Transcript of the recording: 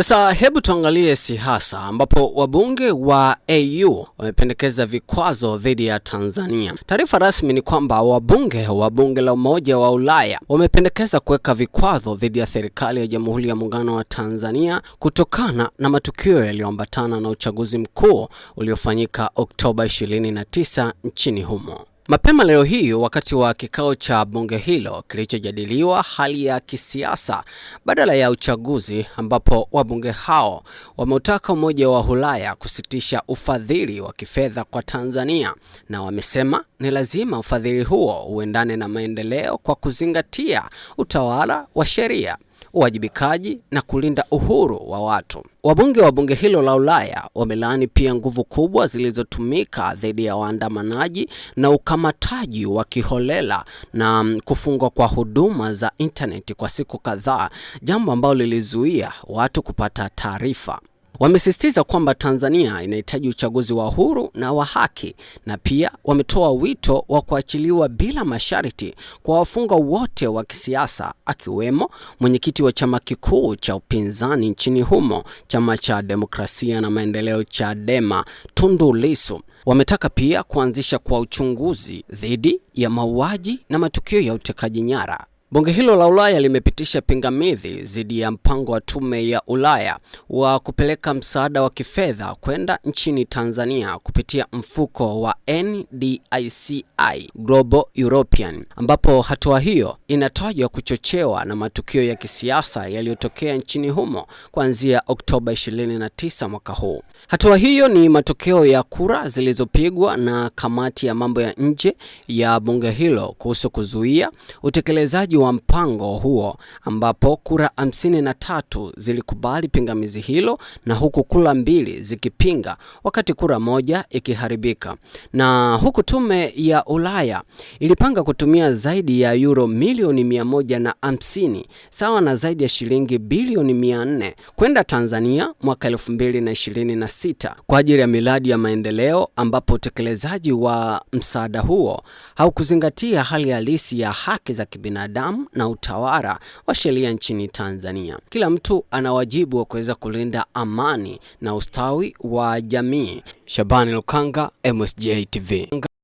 Sasa hebu tuangalie siasa ambapo wabunge wa AU wamependekeza vikwazo dhidi ya Tanzania. Taarifa rasmi ni kwamba wabunge wa bunge la Umoja wa Ulaya wamependekeza kuweka vikwazo dhidi ya serikali ya Jamhuri ya Muungano wa Tanzania kutokana na matukio yaliyoambatana na uchaguzi mkuu uliofanyika Oktoba 29 nchini humo. Mapema leo hii wakati wa kikao cha bunge hilo kilichojadiliwa hali ya kisiasa badala ya uchaguzi, ambapo wabunge hao wameutaka Umoja wa Ulaya kusitisha ufadhili wa kifedha kwa Tanzania, na wamesema ni lazima ufadhili huo uendane na maendeleo kwa kuzingatia utawala wa sheria uwajibikaji na kulinda uhuru wa watu. Wabunge wa bunge hilo la Ulaya wamelaani pia nguvu kubwa zilizotumika dhidi ya waandamanaji na ukamataji wa kiholela na mm, kufungwa kwa huduma za intaneti kwa siku kadhaa, jambo ambalo lilizuia watu kupata taarifa. Wamesisitiza kwamba Tanzania inahitaji uchaguzi wa huru na wa haki, na pia wametoa wito wa kuachiliwa bila masharti kwa wafungwa wote wa kisiasa, akiwemo mwenyekiti wa chama kikuu cha upinzani nchini humo, chama cha demokrasia na maendeleo Chadema, Tundu Lissu. Wametaka pia kuanzisha kwa uchunguzi dhidi ya mauaji na matukio ya utekaji nyara Bunge hilo la Ulaya limepitisha pingamizi dhidi ya mpango wa Tume ya Ulaya wa kupeleka msaada wa kifedha kwenda nchini Tanzania kupitia mfuko wa NDICI Global European, ambapo hatua hiyo inatajwa kuchochewa na matukio ya kisiasa yaliyotokea nchini humo kuanzia Oktoba 29 mwaka huu. Hatua hiyo ni matokeo ya kura zilizopigwa na kamati ya mambo ya nje ya bunge hilo kuhusu kuzuia utekelezaji wa mpango huo ambapo kura na tatu zilikubali pingamizi hilo na huku kura mbili zikipinga wakati kura moja ikiharibika. Na huku tume ya Ulaya ilipanga kutumia zaidi ya euro milioni na 150 sawa na zaidi ya shilingi bilioni mia nne kwenda Tanzania mwaka elfu mbili na na ishirini sita kwa ajili ya miradi ya maendeleo ambapo utekelezaji wa msaada huo haukuzingatia hali halisi ya haki za kibinadamu nidhamu na utawala wa sheria nchini Tanzania. Kila mtu ana wajibu wa kuweza kulinda amani na ustawi wa jamii. Shabani Lukanga, MSJ TV.